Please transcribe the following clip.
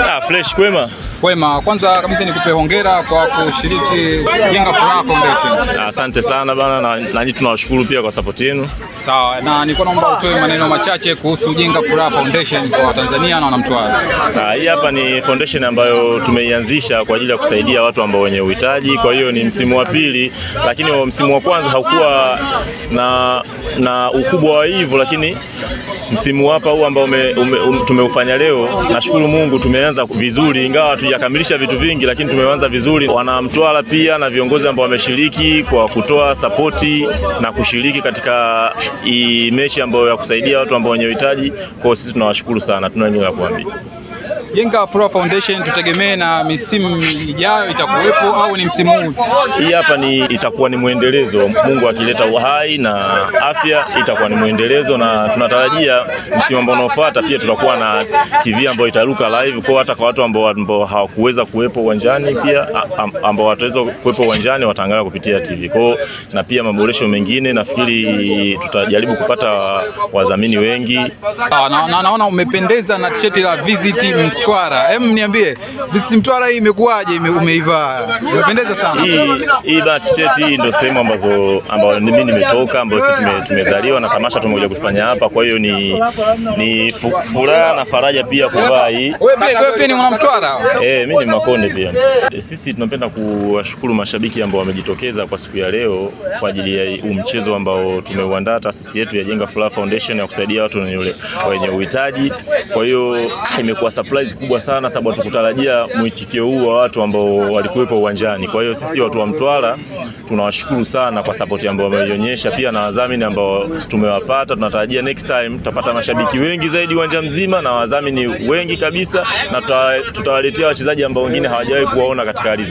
Ah, flecha bebe? A, Wema, kwanza kabisa nikupe hongera kwa kushiriki Jenga Furaha Foundation. Asante sana bana, na nyinyi tunawashukuru pia kwa support yenu. Sawa, na nilikuwa naomba utoe maneno machache kuhusu Jenga Furaha Foundation kwa Tanzania na wanamtwara. Ah, hii hapa ni foundation ambayo tumeianzisha kwa ajili ya kusaidia watu ambao wenye uhitaji. Kwa hiyo ni msimu wa pili, lakini msimu wa kwanza haukuwa na na ukubwa wa hivyo, lakini msimu hapa huu ambao um, tumeufanya leo, nashukuru Mungu tumeanza vizuri ingawa hatujakamilisha vitu vingi, lakini tumeanza vizuri. wanamtwala pia na viongozi ambao wameshiriki kwa kutoa sapoti na kushiriki katika mechi ambayo ya kusaidia watu ambao wenye uhitaji. Kwa hiyo sisi tunawashukuru sana, tuna nini ya kuambia. Jenga Pro Foundation tutegemee na misimu ijayo itakuwepo au ni msimu huu? Hii hapa ni itakuwa ni mwendelezo. Mungu akileta uhai na afya itakuwa ni mwendelezo, na tunatarajia msimu ambao unaofuata pia tutakuwa na TV ambayo itaruka live kwa hata kwa watu ambao hawakuweza kuwepo uwanjani, pia ambao wataweza kuwepo uwanjani wataangalia kupitia TV kwao, na pia maboresho mengine nafikiri tutajaribu kupata wadhamini wengi. Ah, na, na, naona umependeza na tisheti la visit Mtwara. Hem, niambie Visit Mtwara hii imekuwaje? Umeiva, imependeza sana hii bat shirt. Hii ndio sehemu ambazo ambao mimi nimetoka, ambao sisi tumezaliwa na tamasha tumekuja kufanya hapa. Kwa hiyo ni ni furaha na faraja pia kuvaa hii. Wewe pia wewe pia ni mwana Mtwara? Eh, mimi ni Makonde pia. Eh, sisi tunapenda kuwashukuru mashabiki ambao wamejitokeza kwa siku ya leo kwa ajili ya huu mchezo ambao tumeuandaa taasisi yetu ya Jenga Furaha Foundation ya kusaidia watu wenye uhitaji. Kwa hiyo imekuwa surprise nafasi kubwa sana, sababu hatukutarajia mwitikio huu wa watu ambao walikuwepo uwanjani. Kwa hiyo sisi watu wa Mtwara tunawashukuru sana kwa sapoti ambayo wameionyesha, pia na wadhamini ambao tumewapata. Tunatarajia next time tutapata mashabiki wengi zaidi uwanja mzima na wadhamini wengi kabisa, na tutawaletea wachezaji ambao wengine hawajawahi kuwaona katika